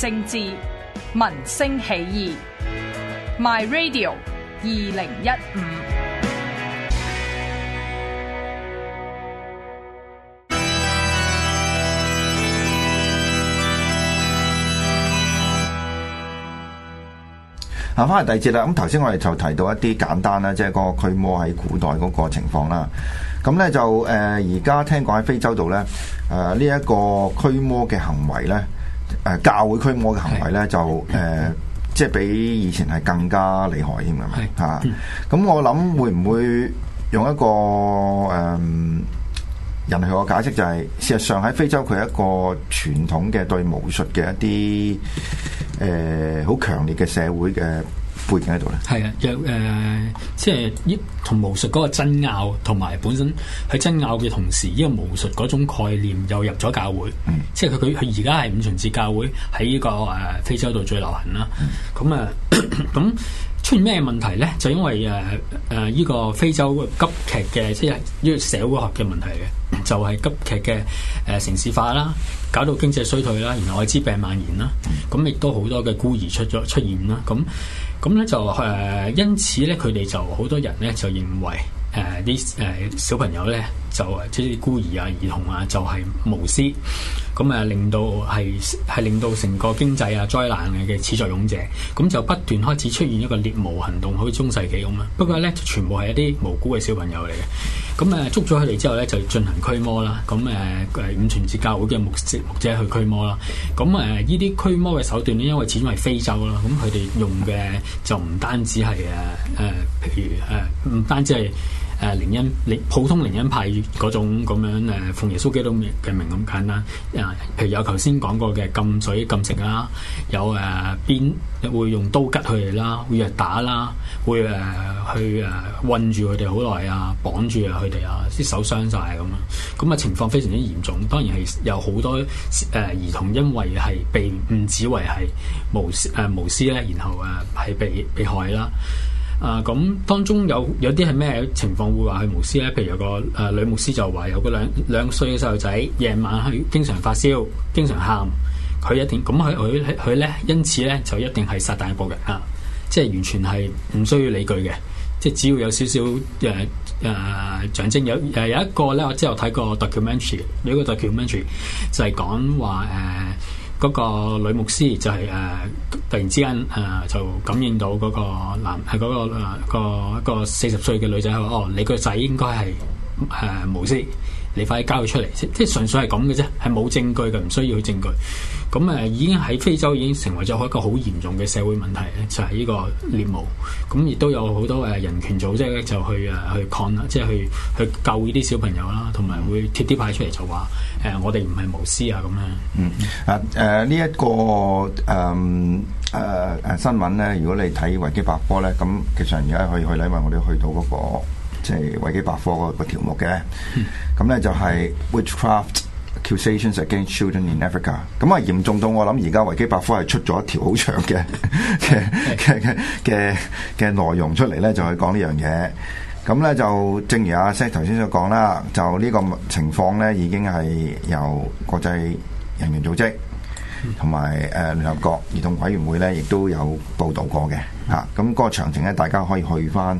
政治、民生起義，My Radio 二零一五。行翻嚟第二節啦，咁頭先我哋就提到一啲簡單啦，即係個驅魔喺古代嗰個情況啦。咁咧就誒，而家聽講喺非洲度咧，誒呢一個驅魔嘅行為咧。誒教會驅魔嘅行為咧，就誒、呃、即係比以前係更加厲害添嘅嘛嚇。咁、 啊、我諗會唔會用一個誒、呃、人哋個解釋、就是，就係事實上喺非洲佢係一個傳統嘅對巫術嘅一啲誒好強烈嘅社會嘅。背景喺度咧，係啊，有、呃、誒，即係依同巫術嗰個爭拗，同埋本身喺爭拗嘅同時，呢、這個巫術嗰種概念又入咗教會，即係佢佢佢而家係五旬節教會喺呢個誒非洲度最流行啦。咁啊，咁出現咩問題咧？就因為誒誒依個非洲急劇嘅即係呢個社會學嘅問題嘅，就係、是、急劇嘅誒、呃、城市化啦，搞到經濟衰退啦，然後愛滋病蔓延啦，咁、啊、亦、啊嗯、 都好多嘅孤兒出咗出現啦，咁。 咁咧就誒、呃，因此咧，佢哋就好多人咧就認為誒啲誒小朋友咧就即啲孤兒啊、兒童啊，就係、是、無私。咁啊，令到係係令到成個經濟啊災難嘅始作俑者，咁就不斷開始出現一個獵巫行動，好似中世紀咁啦。不過咧，全部係一啲無辜嘅小朋友嚟嘅。咁誒捉咗佢哋之後咧，就進行驅魔啦。咁誒誒五旬節教會嘅牧牧者去驅魔啦。咁誒呢啲驅魔嘅手段咧，因為始終係非洲啦，咁佢哋用嘅就唔單止係誒誒，譬如誒唔、呃、單止係。誒、呃、靈恩，普通靈恩派嗰種咁樣誒奉、呃、耶穌基督嘅名咁簡單啊、呃，譬如有頭先講過嘅禁水禁食啊，有、呃、誒邊會用刀吉佢哋啦，會虐打啦，會誒、呃、去誒困住佢哋好耐啊，綁住啊佢哋啊，即手傷晒。咁樣，咁啊情況非常之嚴重。當然係有好多誒兒童因為係被誤指為係巫誒、呃、巫師咧，然後誒係被被害啦。啊，咁當中有有啲係咩情況會話佢巫師咧？譬如有個誒、呃呃呃、女牧師就話有個兩兩歲嘅細路仔夜晚佢經常發燒、經常喊，佢一定咁佢佢佢咧，因此咧就一定係撒旦嘅僕人啊！即係完全係唔需要理據嘅，即係只要有少少誒誒象徵有誒、呃、有一個咧，我之後睇過 documentary，有一個 documentary 就係講話誒。呃呃嗰個女牧師就係、是、誒、呃、突然之間誒、呃、就感應到嗰個男係嗰、那個誒、呃那個、那個四十歲嘅女仔，話哦你個仔應該係誒、呃、無私，你快啲交佢出嚟先，即係純粹係咁嘅啫，係冇證據嘅，唔需要證據。咁誒、嗯、已經喺非洲已經成為咗一個好嚴重嘅社會問題咧，就係、是、呢個獵巫。咁、嗯、亦都有好多誒人權組織咧，就去誒去抗啦，即係去去救呢啲小朋友啦，同埋會貼啲牌出嚟就話誒，我哋唔係巫師啊咁咧。樣嗯，啊誒呢一個誒誒誒新聞咧，如果你睇維基百科咧，咁其實而家可以去睇，因為我哋去到嗰、那個即係、就是、維基百科個個條目嘅。咁咧、嗯、就係 witchcraft。accusations against children in Africa，咁啊嚴重到我諗而家《維基百科》係出咗一條好長嘅嘅嘅嘅嘅嘅內容出嚟咧，就去講呢樣嘢。咁咧就正如阿 Zeke 頭先所講啦，就呢個情況咧已經係由國際人員組織同埋誒聯合國兒童委員會咧，亦都有報導過嘅嚇。咁個詳情咧，大家可以去返。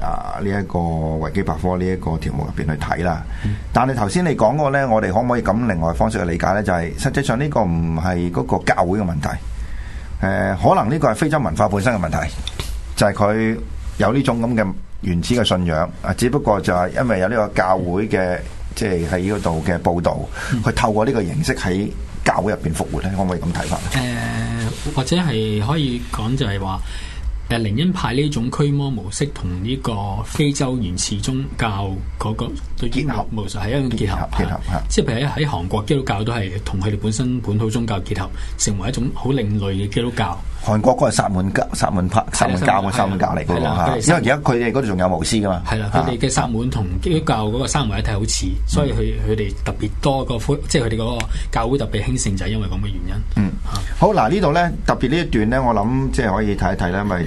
啊，呢一個維基百科，呢一個條目入邊去睇啦。但係頭先你講過咧，我哋可唔可以咁另外方式去理解咧？就係實際上呢個唔係嗰個教會嘅問題。誒，可能呢個係非洲文化本身嘅問題，就係佢有呢種咁嘅原始嘅信仰。啊，只不過就係因為有呢個教會嘅，即係喺嗰度嘅報導，去透過呢個形式喺教會入邊復活咧。可唔可以咁睇法？誒，或者係可以講就係話。誒，靈恩派呢種驅魔模式同呢個非洲原始宗教嗰個對結合，其實係一種結合。結合、啊、即係譬如喺韓國基督教都係同佢哋本身本土宗教結合，成為一種好另類嘅基督教。韓國嗰個薩，薩，薩滿教、啊、薩滿派、教嘅、啊、薩滿教嚟嘅，啊啊、因為而家佢哋嗰度仲有巫師噶嘛。係啦、啊，佢哋嘅薩滿同基督教嗰個三位一體好似，嗯、所以佢佢哋特別多個，即係佢哋嗰個教會特別興盛，就係因為咁嘅原因。嗯，好嗱，呢度咧特別呢一段咧，我諗即係可以睇一睇咧，因為。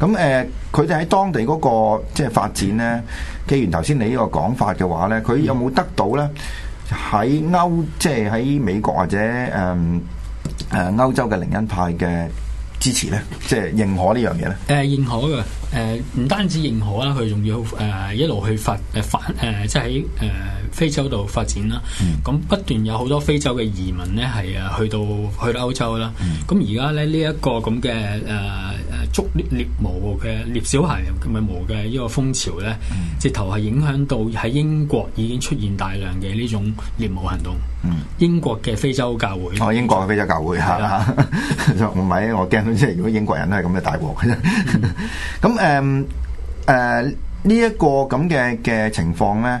咁誒，佢哋喺當地嗰個即係發展咧，既然頭先你呢個講法嘅話咧，佢有冇得到咧喺歐即係喺美國或者誒誒歐洲嘅靈恩派嘅支持咧？即係認可呢樣嘢咧？誒認可嘅，誒唔單止認可啦，佢仲要誒一路去發誒發誒，即係喺誒非洲度發展啦。咁不斷有好多非洲嘅移民咧係誒去到去到歐洲啦。咁而家咧呢一個咁嘅誒。捉獵獵巫嘅獵小孩同埋巫嘅呢個風潮咧，直頭係影響到喺英國已經出現大量嘅呢種獵巫行動。英國嘅非、哦、非洲教會，哦、啊，英國嘅非洲教會吓，唔係， 我驚即係如果英國人都係咁嘅大鑊嘅啫。咁誒誒，呢、 嗯嗯呃、一個咁嘅嘅情況咧，誒、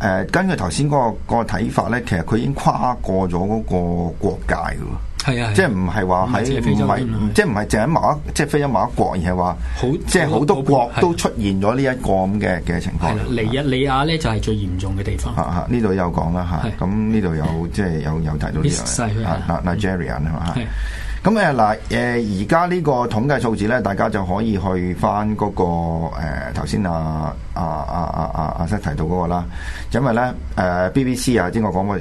呃，根據頭先嗰個、那個睇法咧，其實佢已經跨過咗嗰個國界嘅。係啊，即係唔係話喺唔係，即係唔係淨喺某一，即係非洲某一國，而係話好，即係好多國都出現咗呢一個咁嘅嘅情況。尼日利亞咧就係最嚴重嘅地方。啊啊，呢度有講啦，吓，咁呢度有即係有有提到呢個啊，Nigerian 啊吓。咁誒嗱誒，而家呢個統計數字咧，大家就可以去翻嗰個誒頭先阿阿阿阿阿 Zeke 提到嗰個啦，因為咧誒 BBC 啊，英國廣播，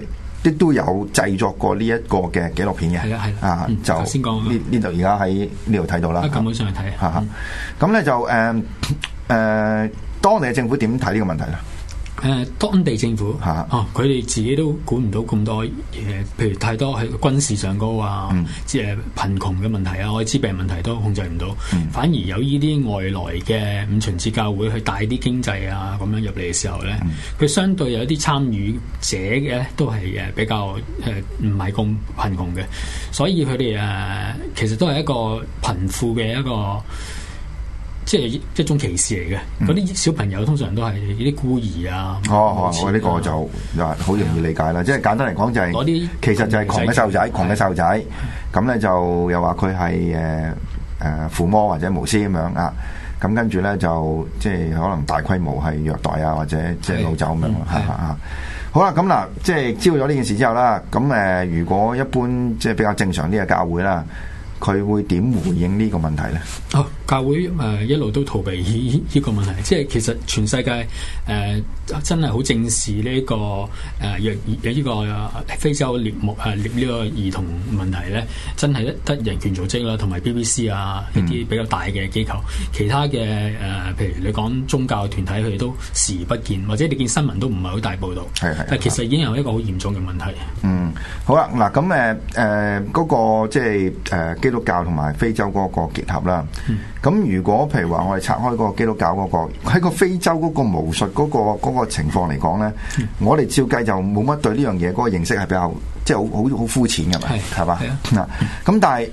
都有製作過呢一個嘅紀錄片嘅，係啦係啊、嗯、就先講呢呢度而家喺呢度睇到啦，撳上、啊、去睇，嚇，咁咧就誒誒、呃呃，當地嘅政府點睇呢個問題咧？誒、呃、當地政府，哦佢哋自己都管唔到咁多嘢，呃，譬如太多係軍事上高話，啊，即係、嗯啊、貧窮嘅問題啊，愛滋病問題都控制唔到。嗯、反而有呢啲外來嘅五旬節教會去帶啲經濟啊，咁樣入嚟嘅時候咧，佢、嗯、相對有啲參與者嘅咧，都係誒比較誒唔係咁貧窮嘅，所以佢哋誒其實都係一個貧富嘅一個。即係一種歧視嚟嘅，嗰啲小朋友通常都係啲孤兒啊。哦啊好，我、這、呢個就話好容易理解啦。話即係簡單嚟講就係、是，其實就係做窮嘅細路仔，的窮嘅細路仔。咁咧的、嗯、就又話佢係誒誒撫摸或者巫師咁樣啊。咁跟住咧就即係可能大規模係虐待啊，或者即係攞走咁樣。嚇嚇嚇！好啦，咁、嗯、嗱，即係知道咗呢件事之後啦。咁誒，如果一般即係比較正常啲嘅教會啦，佢會點回應呢個問題咧？嗯教會誒、呃、一路都逃避呢個問題，即係其實全世界誒、呃、真係好正視呢、呢個誒有有非洲獵巫誒獵呢個兒童問題咧，真係得人權組織啦，同埋 BBC 啊一啲比較大嘅機構，嗯、其他嘅誒、呃、譬如你講宗教團體，佢哋都視而不見，或者你見新聞都唔係好大報道，嗯、但其實已經有一個好嚴重嘅問題。嗯，好啦，嗱咁誒誒嗰個即係誒基督教同埋非洲嗰個結合啦。嗯咁如果譬如話我哋拆開嗰個基督教嗰個，喺個非洲嗰個巫術嗰個嗰個情況嚟講呢，嗯、我哋照計就冇乜對呢樣嘢嗰個認識係比較即係好好好膚淺噶嘛，係嘛，咁但係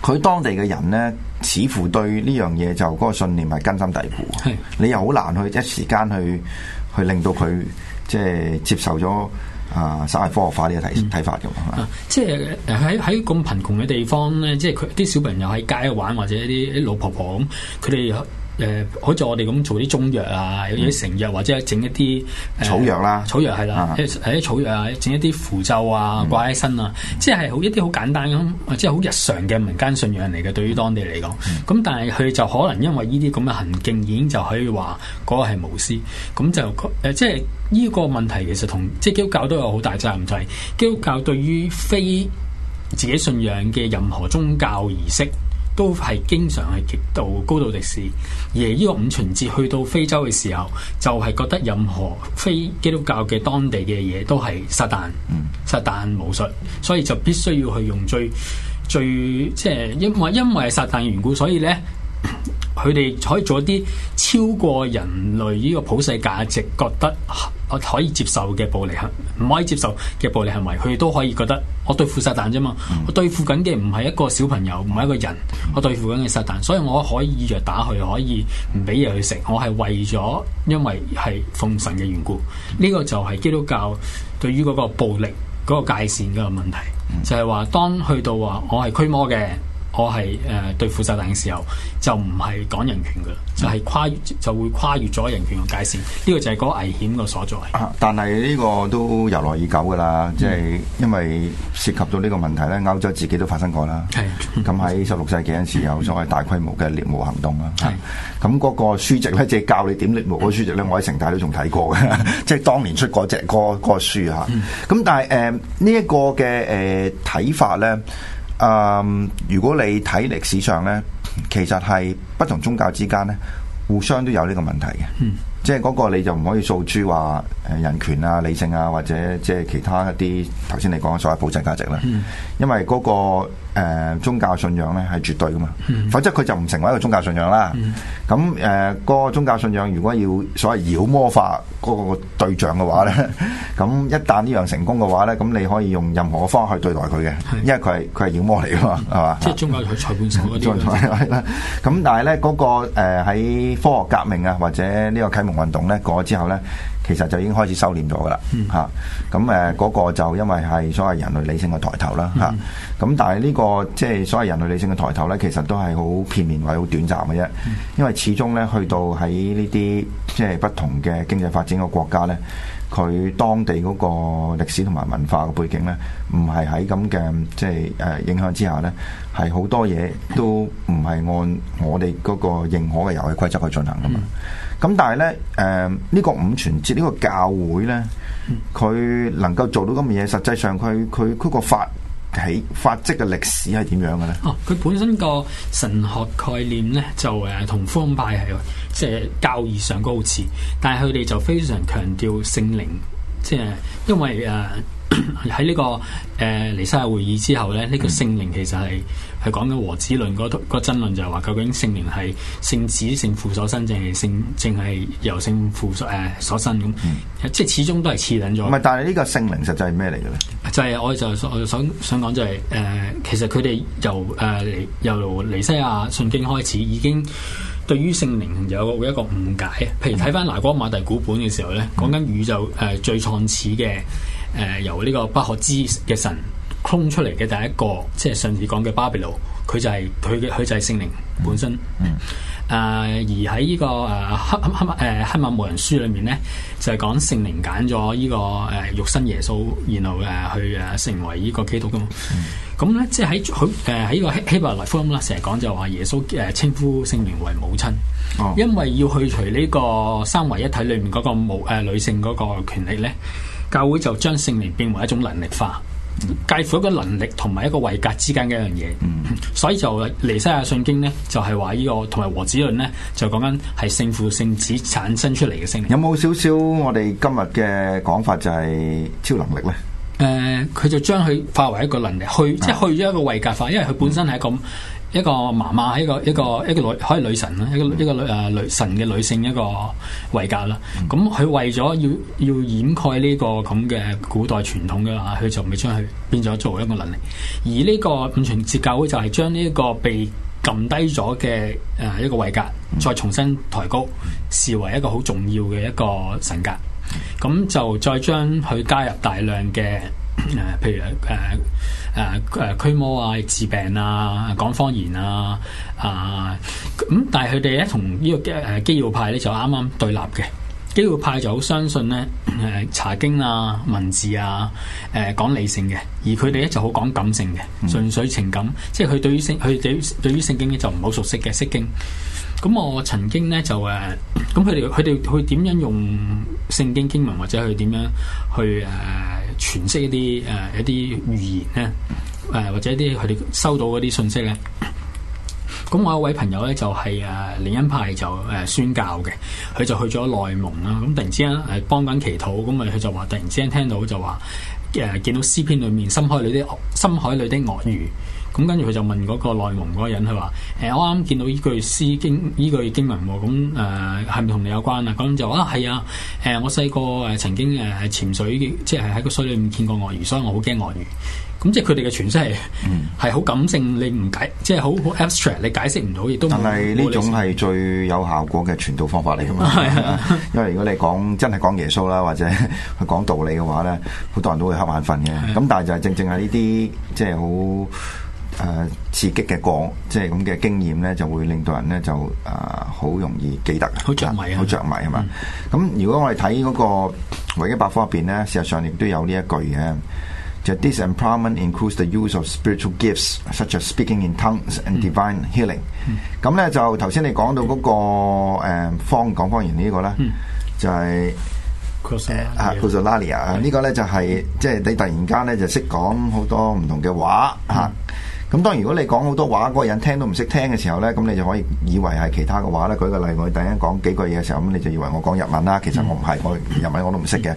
佢、嗯、當地嘅人呢，似乎對呢樣嘢就嗰個信念係根深蒂固，是你又好難去一時間去去令到佢即係接受咗。啊！稍微科學化啲嘅睇睇法嘅、啊，即係誒喺喺咁貧窮嘅地方咧，即係佢啲小朋友喺街玩，或者啲啲老婆婆咁，佢哋。誒、呃，好似我哋咁做啲中藥啊，有啲成藥或者整一啲、呃、草藥啦、啊，草藥係啦，係啲草藥，整、啊啊、一啲符咒啊，掛喺身啊，嗯、即係好一啲好簡單咁，即係好日常嘅民間信仰嚟嘅，對於當地嚟講，咁、嗯、但係佢就可能因為呢啲咁嘅行徑，已經就可以話嗰個係巫師，咁就誒、呃，即係呢個問題其實同即係基督教都有好大責任，就係，基督教對於非自己信仰嘅任何宗教儀式。都係經常係極度高度敵視，而呢個五旬節去到非洲嘅時候，就係、是、覺得任何非基督教嘅當地嘅嘢都係撒旦，嗯、撒旦巫術，所以就必須要去用最最即係因為，因為撒旦嘅緣故，所以呢。 佢哋可以做啲超過人類呢個普世價值覺得可以接受嘅暴力，唔可以接受嘅暴力行為，佢哋都可以覺得我對付撒旦啫嘛。我對付緊嘅唔係一個小朋友，唔係一個人，我對付緊嘅撒旦，所以我可以虐打佢，可以唔俾嘢佢食。我係為咗因為係奉神嘅緣故，呢個就係基督教對於嗰個暴力嗰個界線嘅問題，就係話當去到話我係驅魔嘅。我係誒、呃、對付人嘅時候，就唔係講人權嘅，就係、是、跨越就會跨越咗人權嘅界線。呢、這個就係嗰個危險嘅所在。啊、但係呢個都由來已久噶啦，即、就、係、是、因為涉及到呢個問題咧，歐洲自己都發生過啦。係咁喺十六世紀嗰陣時候，所謂大規模嘅獵巫行動啦。係咁嗰個書籍咧，即係教你點獵巫嗰書籍咧，我喺城大都仲睇過嘅，即 係當年出嗰隻嗰個書咁、啊、但係誒、呃這個呃、呢一個嘅誒睇法咧。呢呢嗯，如果你睇歷史上呢，其實係不同宗教之間呢，互相都有呢個問題嘅。嗯即係嗰個你就唔可以訴諸話誒人權啊、理性啊，或者即係其他一啲頭先你講嘅所謂普世價值咧，因為嗰個誒宗教信仰咧係絕對噶嘛，否則佢就唔成為一個宗教信仰啦。咁誒嗰個宗教信仰如果要所謂妖魔化嗰個對象嘅話咧，咁一旦呢樣成功嘅話咧，咁你可以用任何嘅方法去對待佢嘅，因為佢係佢係妖魔嚟噶嘛，係嘛？即係宗教去裁判神嗰啲。咁但係咧嗰個誒喺科學革命啊或者呢個啟蒙運動咧過咗之後咧，其實就已經開始收斂咗噶啦，吓咁誒，嗰個就因為係所謂人類理性嘅抬頭啦，吓咁。但係呢個即係所謂人類理性嘅抬頭咧，其實都係好片面或者好短暫嘅啫。因為始終咧，去到喺呢啲即係不同嘅經濟發展嘅國家咧，佢當地嗰個歷史同埋文化嘅背景咧，唔係喺咁嘅即係誒影響之下咧，係好多嘢都唔係按我哋嗰個認可嘅遊戲規則去進行噶嘛。咁但係咧，誒、呃、呢、這個五旬節呢、這個教會咧，佢能夠做到咁嘅嘢，實際上佢佢佢個發起發跡嘅歷史係點樣嘅咧？哦，佢本身個神學概念咧就誒同福音派係即係教義上高似，但係佢哋就非常強調聖靈，即係因為誒喺呢個誒、呃、尼西亞會議之後咧，呢、這個聖靈其實係。係講緊和子論嗰、那個爭論，就係話究竟聖靈係聖子聖父所生，定係聖，定係由聖父誒所，、呃、所生咁？即係始終都係次等咗。唔係、嗯，但係呢個聖靈實際係咩嚟嘅咧？就係我，我就想我就想講就係、是、誒、呃，其實佢哋由誒、呃、由尼西亞信經開始，已經對於聖靈有一個誤解。譬如睇翻拿戈馬蒂古本嘅時候咧，講緊、嗯、宇宙誒最創始嘅誒、呃、由呢個不可知嘅神。空出嚟嘅第一個，即係上次講嘅巴比魯，佢就係佢嘅佢就係聖靈本身。誒、嗯啊，而喺呢、這個誒《黑黑馬誒黑馬牧人書》裏面咧，就係講聖靈揀咗呢個誒、呃、肉身耶穌，然後誒去誒、啊、成為呢個基督噶。咁、嗯、咧，即係喺佢誒喺個希希伯來福音啦，成日講就話耶穌誒稱呼聖靈為母親，哦、因為要去除呢個三位一體裏面嗰個母誒女性嗰個權力咧，教會就將聖靈變為一種能力化。介乎一個能力同埋一個位格之間嘅一樣嘢，嗯、所以就尼西亞聖經咧，就係話呢個同埋和，和子論咧，就講緊係聖父性子產生出嚟嘅性。有冇少少我哋今日嘅講法就係超能力咧？誒、呃，佢就將佢化為一個能力去，啊、即係去咗一個位格化，因為佢本身係咁。嗯一個媽媽，一個一個一個女，可以女神啦，一個一個女誒女、呃、神嘅女性一個位格啦。咁佢、嗯、為咗要要掩蓋呢個咁嘅古代傳統嘅話，佢就未將佢變咗作為一個能力。而呢個五旬節教會就係將呢一個被撳低咗嘅誒一個位格，再重新抬高，視為一個好重要嘅一個神格。咁就再將佢加入大量嘅誒、呃，譬如誒。呃誒誒驅魔啊、治病啊、講方言啊，啊咁，但係佢哋咧同呢個誒基、啊、要派咧就啱啱對立嘅。基督派就好相信咧，誒、呃、查經啊、文字啊，誒、呃、講理性嘅，而佢哋咧就好講感性嘅，純粹情感，嗯、即係佢對於聖佢對於對於聖經咧就唔好熟悉嘅釋經。咁我曾經咧就誒，咁佢哋佢哋佢點樣用聖經經文或者佢點樣去誒詮、呃、釋一啲誒、呃、一啲語言咧？誒、呃、或者一啲佢哋收到嗰啲信息咧？咁我有位朋友咧就係誒另一派就誒、啊、宣教嘅，佢就去咗內蒙啦。咁、啊、突然之間誒、啊、幫緊祈禱，咁咪佢就話突然之間聽到就話誒、啊、見到詩篇裏面深海裏啲深海裏啲鱷魚。咁跟住佢就問嗰個內蒙嗰人，佢話：誒、欸、我啱啱見到依句詩經，依句經文喎、哦，咁誒係咪同你有關啊？咁就話啊係啊，誒、啊呃、我細個誒曾經誒潛水，即係喺個水裏面見過鱷魚，所以我好驚鱷魚。咁即係佢哋嘅詮釋係係好感性，你唔解，即係好好 abstract，你解釋唔到，亦都唔係。但係呢種係最有效果嘅傳道方法嚟㗎嘛，嗯啊、因為如果你講真係講耶穌啦，或者係講道理嘅話咧，好多人都會瞌眼瞓嘅。咁但係就係正正係呢啲即係好。的誒刺激嘅個即係咁嘅經驗咧，就會令到人咧就誒好容易記得，好着迷，好着迷啊嘛。咁如果我哋睇嗰個《維基百科》入邊咧，事實上亦都有呢一句嘅，就 This empowerment includes the use of spiritual gifts such as speaking in tongues and divine healing。咁咧就頭先你講到嗰個誒方講方言呢個咧，就係，啊，叫做 Lalia 呢個咧就係即係你突然間咧就識講好多唔同嘅話嚇。咁當然，如果你講好多話，嗰、那個人聽都唔識聽嘅時候呢，咁你就可以以為係其他嘅話呢。舉個例，我哋第一講幾句嘢嘅時候，咁你就以為我講日文啦，其實我唔係，我日文我都唔識嘅。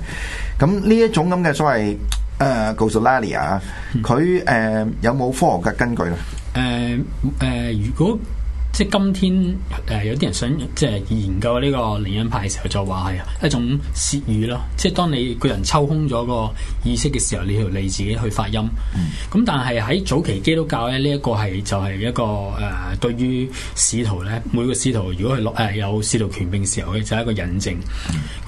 咁呢一種咁嘅所謂誒，glossolalia 啊，佢、uh, 誒有冇科學嘅根據咧？誒誒，如果即係今天誒、呃、有啲人想即係研究呢個靈恩派嘅時候，就話係一種舌語咯。即係當你個人抽空咗個意識嘅時候，你要你自己去發音。咁、嗯、但係喺早期基督教咧，呢、這個、一個係就係一個誒對於使徒咧，每個使徒如果係落、呃、有使徒權柄嘅時候，就係一個引證。咁、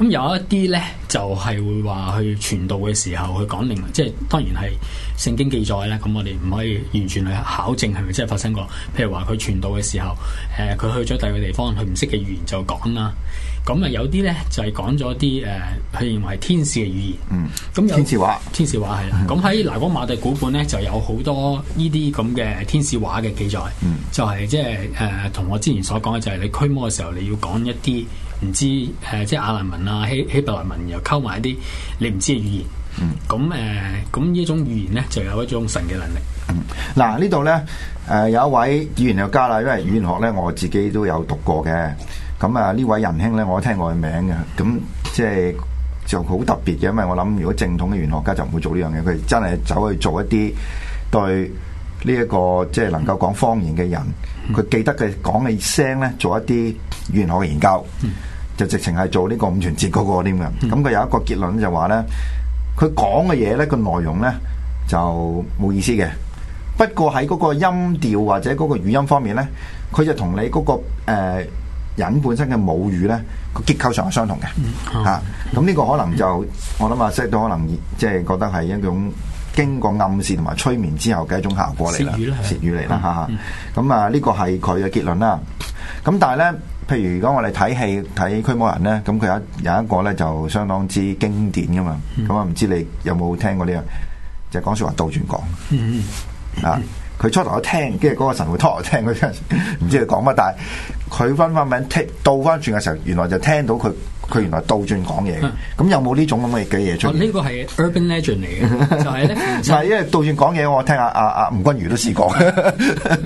嗯、有一啲咧就係、是、會話去傳道嘅時候去講靈，即係當然係。聖經記載咧，咁我哋唔可以完全去考證係咪真係發生過。譬如話佢傳道嘅時候，誒、呃、佢去咗第二個地方，佢唔識嘅語言就講啦。咁啊有啲咧就係、是、講咗啲誒，佢、呃、認為係天使嘅語言。嗯，咁有天使話，天使話係啦。咁喺拿戈瑪第古本咧就有好多呢啲咁嘅天使話嘅記載。嗯、就係即係誒同我之前所講嘅，就係你驅魔嘅時候你要講一啲唔知誒、呃，即係亞蘭文啊、希希伯來文又溝埋一啲你唔知嘅語，語言。嗯，咁誒，咁呢一種語言咧，就有一種神嘅能力。嗯，嗱呢度咧，誒有一位語言學家啦，因為語言學咧我自己都有讀過嘅。咁啊呢位仁兄咧，我聽過佢名嘅，咁即係就好特別嘅，因為我諗如果正統嘅語言學家就唔會做呢樣嘢，佢真係走去做一啲對呢一個即係能夠講方言嘅人，佢記得嘅講嘅聲咧，做一啲語言學嘅研究，就直情係做呢個五旬節嗰個添嘅。咁佢有一個結論就話咧。佢講嘅嘢呢個內容呢，就冇意思嘅。不過喺嗰個音調或者嗰個語音方面呢，佢就同你嗰個、呃、人本身嘅母語呢，個結構上係相同嘅嚇。咁呢個可能就我諗阿 Zeke 都可能即係覺得係一種經過暗示同埋催眠之後嘅一種效果嚟啦。舌語嚟啦嚇。咁啊，呢個係佢嘅結論啦。咁但係呢。譬如如果我哋睇戲睇《驅魔人》呢咧，咁佢有有一個咧就相當之經典噶嘛。咁啊唔知你有冇聽過呢樣？就講、係、說話倒轉講，嗯、啊佢初頭一聽，跟住嗰個神會拖我聽嗰陣時，唔 知佢講乜，但係佢翻翻名，聽倒翻轉嘅時候，原來就聽到佢。佢原來倒轉講嘢，咁有冇呢種咁嘅嘅嘢出嚟？呢個係 urban legend 嚟嘅，就係咧就係因為倒轉講嘢，我聽下阿阿吳君如都試過。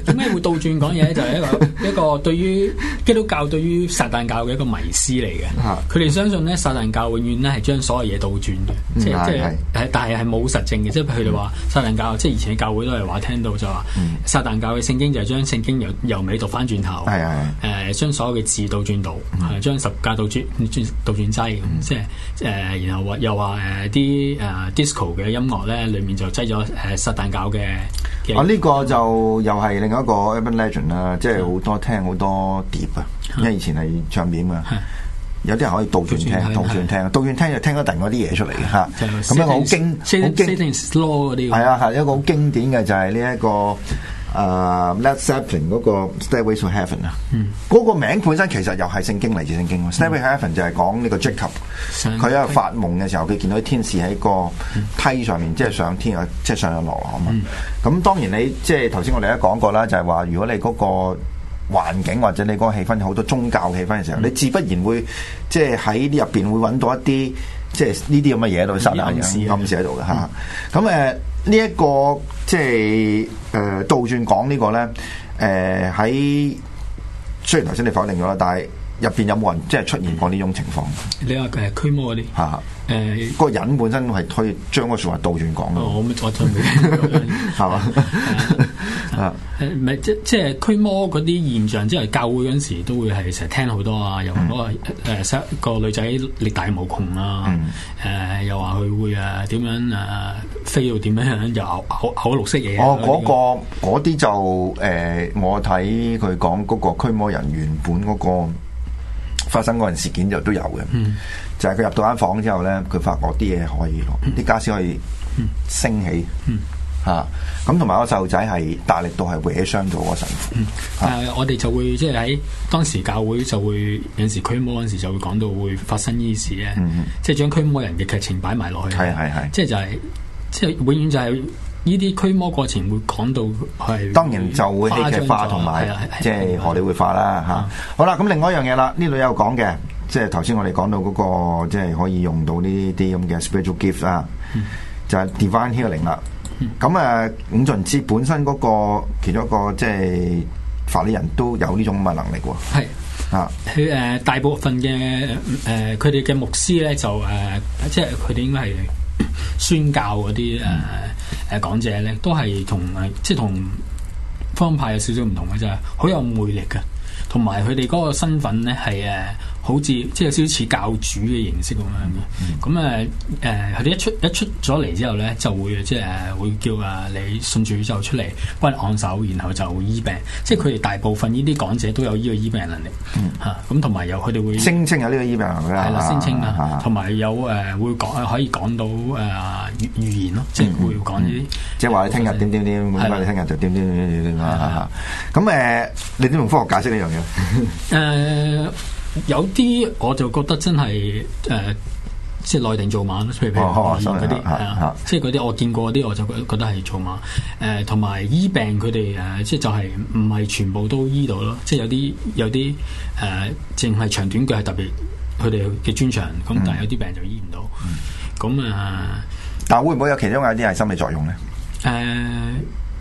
點解會倒轉講嘢？就係一個一個對於基督教對於撒旦教嘅一個迷思嚟嘅。佢哋相信咧，撒旦教永遠咧係將所有嘢倒轉嘅，即係即係，但係係冇實證嘅。即係佢哋話撒旦教，即係以前教會都係話聽到就話撒旦教嘅聖經就係將聖經由由尾讀翻轉頭，係係誒將所有嘅字倒轉到，將十戒倒轉。倒轉劑，即係誒，然後話又話誒，啲誒 disco 嘅音樂咧，裏面就擠咗誒撒旦教嘅。我呢個就又係另一個 urban legend 啦，即係好多聽好多碟啊，因為以前係唱片啊，有啲人可以倒轉聽，倒轉聽，倒轉聽就聽一突嗰啲嘢出嚟嘅吓，咁一個好經 slow 啲，係啊，係一個好經典嘅就係呢一個。誒，Led Zeppelin 嗰個 Stairway to Heaven 啊，嗰個名本身其實又係聖經嚟自聖經喎。Stairway to Heaven 就係講呢個 Jacob，佢喺發夢嘅時候，佢見到啲天使喺個梯上面，即係上天啊，即係上上落落啊嘛。咁當然你即係頭先我哋都講過啦，就係話如果你嗰個環境或者你嗰個氣氛好多宗教氣氛嘅時候，你自不然會即係喺呢入邊會揾到一啲即係呢啲咁嘅嘢喺度，神經暗示喺度嘅嚇。咁誒。這個呃、呢一個即係誒，倒轉講呢個咧，誒喺雖然頭先你否定咗啦，但係。入邊有冇人即係出現過呢種情況？你話誒驅魔嗰啲嚇誒個人本身係推將個說話倒轉講嘅。我我再退，係嘛？誒唔係即即係驅魔嗰啲現象，即係教會嗰陣時都會係成日聽好多啊！又話嗰個女仔力大無窮啊！誒、嗯、又話佢會誒點樣誒飛到點樣樣，又好好綠色嘢。哦，嗰、那個嗰啲、那個、就誒、呃，我睇佢講嗰個驅魔人原本嗰、那個。發生嗰件事件就都有嘅，mm. 就係佢入到間房之後咧，佢發覺啲嘢可以咯，啲、mm. 家私可以升起嚇，咁同埋個細路仔係大力度係搲傷咗個神父。誒、mm. 啊，但我哋就會即係喺當時教會就會有時驅魔嗰陣時就會講到會發生呢事咧，即係將驅魔人嘅劇情擺埋落去，係係係，即係就係即係永遠就係、是。呢啲驅魔過程會講到係當然就會戲劇化同埋即係荷理活化啦嚇。好啦，咁另外一樣嘢啦，呢度有講嘅，即係頭先我哋講到嗰、那個即係、就是、可以用到呢啲咁嘅 spiritual gift 啦、嗯，就係 divine healing 啦。咁啊，伍俊志本身嗰個其中一個即係法理人都有呢種咁嘅能力喎。的啊，佢誒、呃、大部分嘅誒佢哋嘅牧師咧就誒，即係佢哋應該係。宣教嗰啲誒誒講者咧，都係同、呃、即係同方派有少少唔同嘅啫，好有魅力嘅，同埋佢哋嗰個身份咧係誒。好似即係有少少似教主嘅形式咁樣，咁誒誒，佢哋一出一出咗嚟之後咧，就會即係會叫啊你信主就出嚟幫你按手，然後就醫病。即係佢哋大部分呢啲講者都有呢個醫病能力嚇。咁同埋有，佢哋會聲稱有呢個醫病能力啦，係啦，聲稱啦，同埋有誒會講可以講到誒預言咯，即係會講啲即係話你聽日點點點，咁樣你聽日就點點點點啊咁誒，你點用科學解釋呢樣嘢？誒。有啲我就覺得真係誒、呃，即係內定做馬，譬如譬如嗰啲係啊，即係嗰啲我見過嗰啲，我就覺得覺得係做馬。誒，同埋醫病佢哋誒，即、uh, 係就係唔係全部都醫到咯？即係有啲有啲誒，淨、uh, 係長短腳係特別，佢哋嘅專長。咁、嗯、但係有啲病就醫唔到。咁啊、嗯，嗯 uh, 但會唔會有其中有一啲係心理作用咧？誒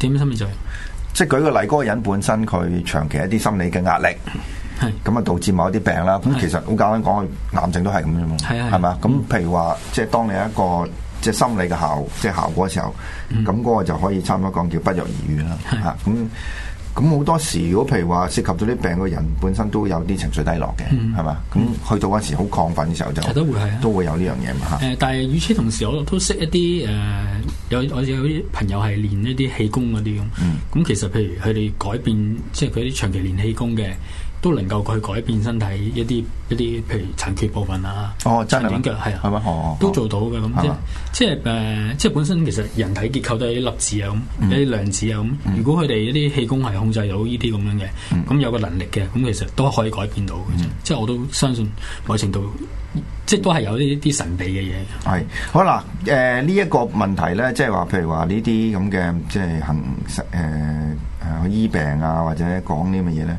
點、uh, 心理作用？即係舉個例，嗰個人本身佢長期一啲心理嘅壓力。係咁啊，導致某一啲病啦。咁其實好簡單講，癌症都係咁樣，係嘛？咁譬如話，即係當你一個即係心理嘅效，即係效果嘅時候，咁嗰個就可以差唔多講叫不藥而愈啦。嚇咁咁好多時，如果譬如話涉及到啲病嘅人，本身都有啲情緒低落嘅，係嘛？咁去到嗰時好亢奮嘅時候就都會係都會有呢樣嘢嘛嚇。誒，但係與此同時，我都識一啲誒，有我有啲朋友係練一啲氣功嗰啲咁。咁其實譬如佢哋改變，即係佢啲長期練氣功嘅。都能夠去改變身體一啲一啲，譬如殘缺部分、哦、真啊，哦，長短腳係啊，都做到嘅咁、哦、即係，係嗎？即係誒、呃，即係本身其實人體結構都係啲粒子啊，咁、嗯、一啲量子啊咁。如果佢哋一啲氣功係控制到呢啲咁樣嘅，咁有個能力嘅，咁其實都可以改變到。嗯、即係我都相信某程度，即係都係有呢啲神秘嘅嘢。係好啦，誒呢一個問題咧，即係話譬如話呢啲咁嘅，即係行實誒誒醫病啊，或者講啲乜嘢咧。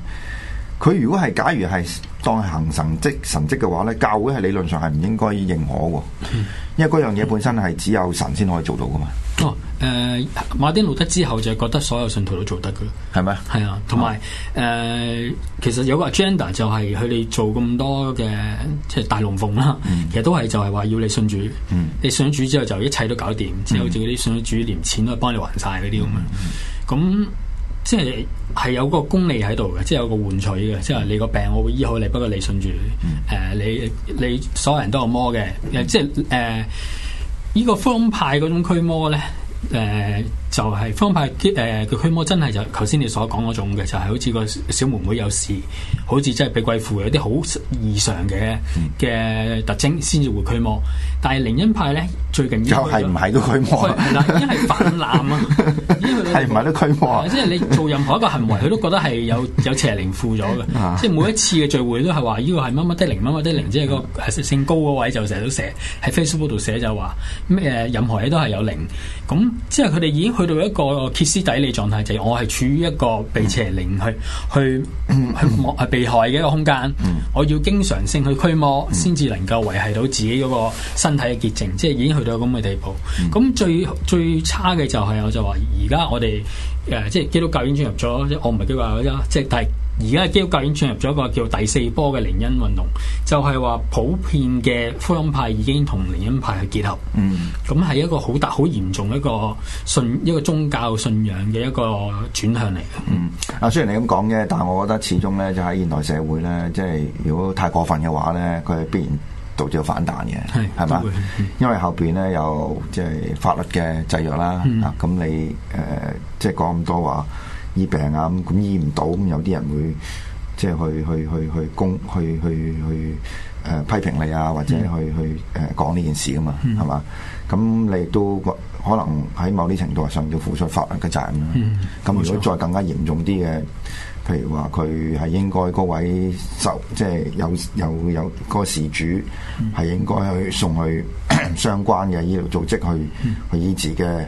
佢如果係假如係當行神職神職嘅話咧，教會係理論上係唔應該認可嘅，嗯、因為嗰樣嘢，本身係只有神先可以做到噶嘛。哦，誒、呃，馬丁路德之後就係覺得所有信徒都做得噶係咪嗎？係啊，同埋誒，其實有個 agenda 就係佢哋做咁多嘅即係大龍鳳啦，嗯、其實都係就係話要你信主，嗯、你信主之後就一切都搞掂，嗯、之後好似嗰啲信主連錢都幫你還晒嗰啲咁啊，咁。嗯嗯嗯即係係有個功利喺度嘅，即係有個換取嘅，即係你個病我會醫好你，不過你信住誒，你你所有人都有魔嘅，即係誒呢個方派嗰種驅魔咧誒。呃就係方派誒個、呃、驅魔真係就頭先你所講嗰種嘅，就係、是、好似個小妹妹有事，好似真係被鬼附，有啲好異常嘅嘅特徵先至會驅魔。但係靈音派咧最近就係唔係都驅魔？係啦，因係氾濫啊，一係唔係都驅魔啊？即、就、係、是、你做任何一個行為，佢都覺得係有有邪靈附咗嘅。即係 每一次嘅聚會都係話依個係乜乜的靈，乜乜的靈，即係個性高嗰位就成日都寫喺 Facebook 度寫就話咩任何嘢都係有靈。咁即係佢哋已經。去到一個歇斯底里狀態，就係、是、我係處於一個被邪靈去去去魔被害嘅一個空間。 我要經常性去驅魔，先至能夠維繫到自己嗰個身體嘅潔淨。即係已經去到咁嘅地步。咁 最最差嘅就係、是、我就話，而家我哋誒即係基督教已經進入咗，即我唔係基督教啫，即係但係。而家基督教已經進入咗一個叫第四波嘅靈恩運動，就係、是、話普遍嘅福音派已經同靈恩派去結合。嗯，咁係一個好大、好嚴重一個信一個宗教信仰嘅一個轉向嚟嘅。嗯，啊雖然你咁講嘅，但我覺得始終咧就喺現代社會咧，即係如果太過分嘅話咧，佢必然導致有反彈嘅，係係嘛？吧因為後邊咧有即係法律嘅制約啦。嗯，咁你誒、呃、即係講咁多話。醫病啊，咁咁醫唔到，咁有啲人會即係去去去去供、去去去誒、呃、批評你啊，或者去去誒講呢件事噶嘛，係嘛、嗯？咁你都可能喺某啲程度上要付出法律嘅責任咁、啊嗯、如果再更加嚴重啲嘅，譬如話佢係應該嗰位受，即、就、係、是、有有有嗰個事主係、嗯、應該去送去咳咳相關嘅醫療組織去、嗯、去醫治嘅。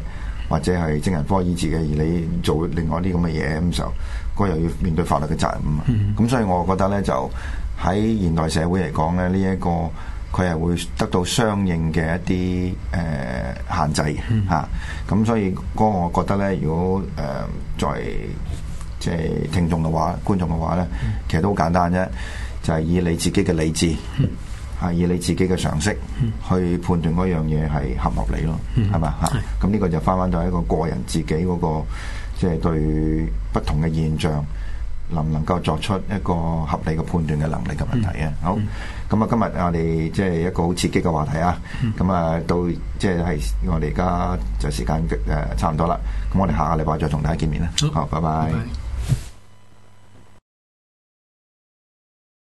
或者係精神科醫治嘅，而你做另外啲咁嘅嘢咁就，候，嗰個又要面對法律嘅責任啊！咁、mm hmm. 所以我覺得呢，就喺現代社會嚟講咧，呢、這、一個佢係會得到相應嘅一啲誒、呃、限制嚇。咁、mm hmm. 啊、所以嗰個我覺得呢，如果誒、呃、作為即係聽眾嘅話、觀眾嘅話呢，mm hmm. 其實都好簡單啫，就係、是、以你自己嘅理智。Mm hmm. 係以你自己嘅常識、嗯、去判斷嗰樣嘢係合唔合理咯，係嘛嚇？咁呢吧是個就翻返到一個個人自己嗰、那個，即、就、係、是、對不同嘅現象能唔能夠作出一個合理嘅判斷嘅能力嘅問題啊！嗯嗯、好，咁啊、嗯、今日我哋即係一個好刺激嘅話題啊！咁啊、嗯、到即係係我哋而家就時間誒差唔多啦，咁我哋下個禮拜再同大家見面啦。好，拜拜。拜拜。